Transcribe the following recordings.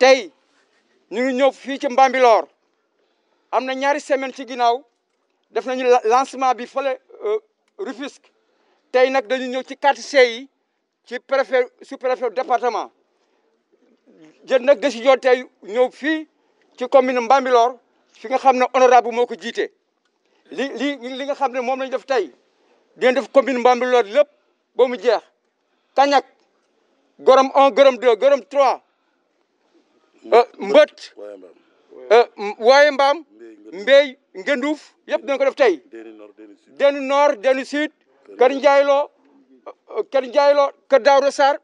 tey ñu ngi ñëw fii ci mbambiloor am na ñaari semaine ci ginnaaw def nañu lancement bi fële euh, Rufisque tey nag dañu ñëw ci quartier yi ci préfet sous préfet département jël nag décision tey ñëw fii ci commune Mbambilor fi nga xam ne honorable moo ko jiite li li nga xam ne moom lañu def tey dinañ def commune Mbambilor lépp ba mu jeex Kañak Gorom un Gorom 2 Gorom 3 Eh, mbët waaye mbaam eh, mbéy ngenduuf yëpp dinañ ko def tey denu nord denu sud kër njaayloo kër njaayloo eh, kër daawro sarr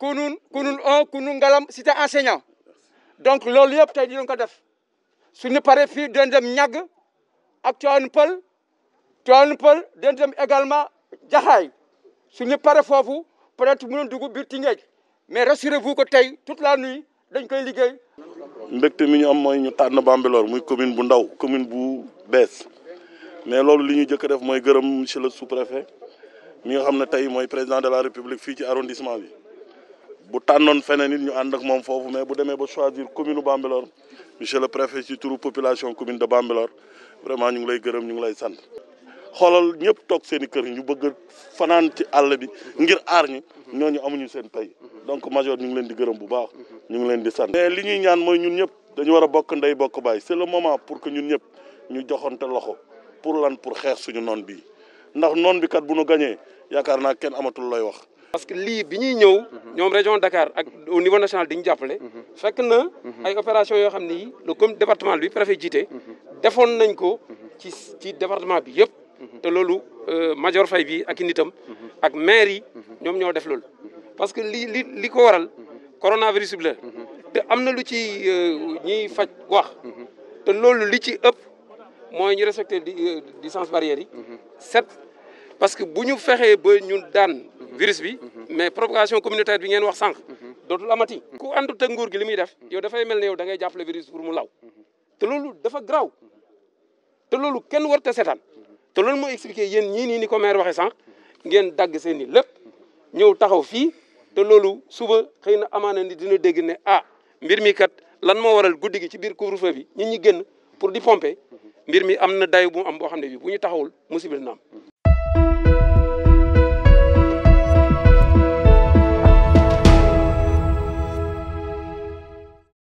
kunun kunun un kunun ngalam cité enseignant donc loolu yëpp tey dinañ ko def suñu pare fii dinañ dem ñàgg ak Tivaouane Peulh Tivaouane Peulh dinañ dem également jaxaay suñu pare foofu peut être mënoon dugg biir mais rassurez vous ko tey toute la nuit dañ koy liggéey. mbégte mi ñu am mooy ñu tànn Bambilor muy commune bu ndaw commune bu bees mais loolu li ñu jëkk def mooy gërëm monsieur le sous-préfet mi nga xam ne tey mooy président de la république fii ci arrondissement bi bu tànnoon feneen nit ñu ànd ak moom foofu mais bu demee ba choisir commune Bambilor monsieur le préfet ci turu population commune de Bambilor vraiment ñu ngi lay gërëm ñu ngi lay sant. xoolal ñëpp toog seen i kër ñu bëgg fanaan ci àll bi ngir aar ñooñu amuñu seen pay donc major ñu ngi leen di gërëm bu baax ñu ngi leen di sant. mais li ñuy ñaan mooy ñun ñëpp dañu war a bokk ndey bokk baay c'est le moment pour que ñun ñëpp ñu joxante loxo pour lan pour xeex suñu noon bi ndax noon bi kat bu nu gañee yaakaar naa kenn amatul looy wax. parce que lii bi ñuy ñëw. ñoom région Dakar ak au niveau national di ñu jàppale. fekk na ay opération yoo xam ne le comme département bi préfet jiite. defoon nañ ko ci ci département bi yëpp. te loolu euh, major fay bi ak i ak maire yi. ñoom ñoo def loolu. parce que li ko waral. coronavirus bi la te amna lu ci euh, ñi faj wax te lolu li ci ëpp moy ñu respecter euh, distance barrière yi set parce que buñu fexé ba ñun daan virus bi mais propagation communautaire bi ngeen wax sank dotul amati ku andu te nguur gi li def yow da fay melni yow da ngay jàppale virus pour mu law te lolu dafa graw te lolu kenn war te seetaan te lolu mo expliquer yeen ñi ni ni ko maire waxe sank ngeen dagg seen lepp ñew taxaw fii te loolu suba xëy na amaana ni dina dégg ne ah mbir mi kat lan moo waral guddi gi ci biir couvre-feu bi nit ñi génn pour di pompe mhm. mbir mi am na dayu bu am boo xam ne bi bu ñu taxawul musiba dina am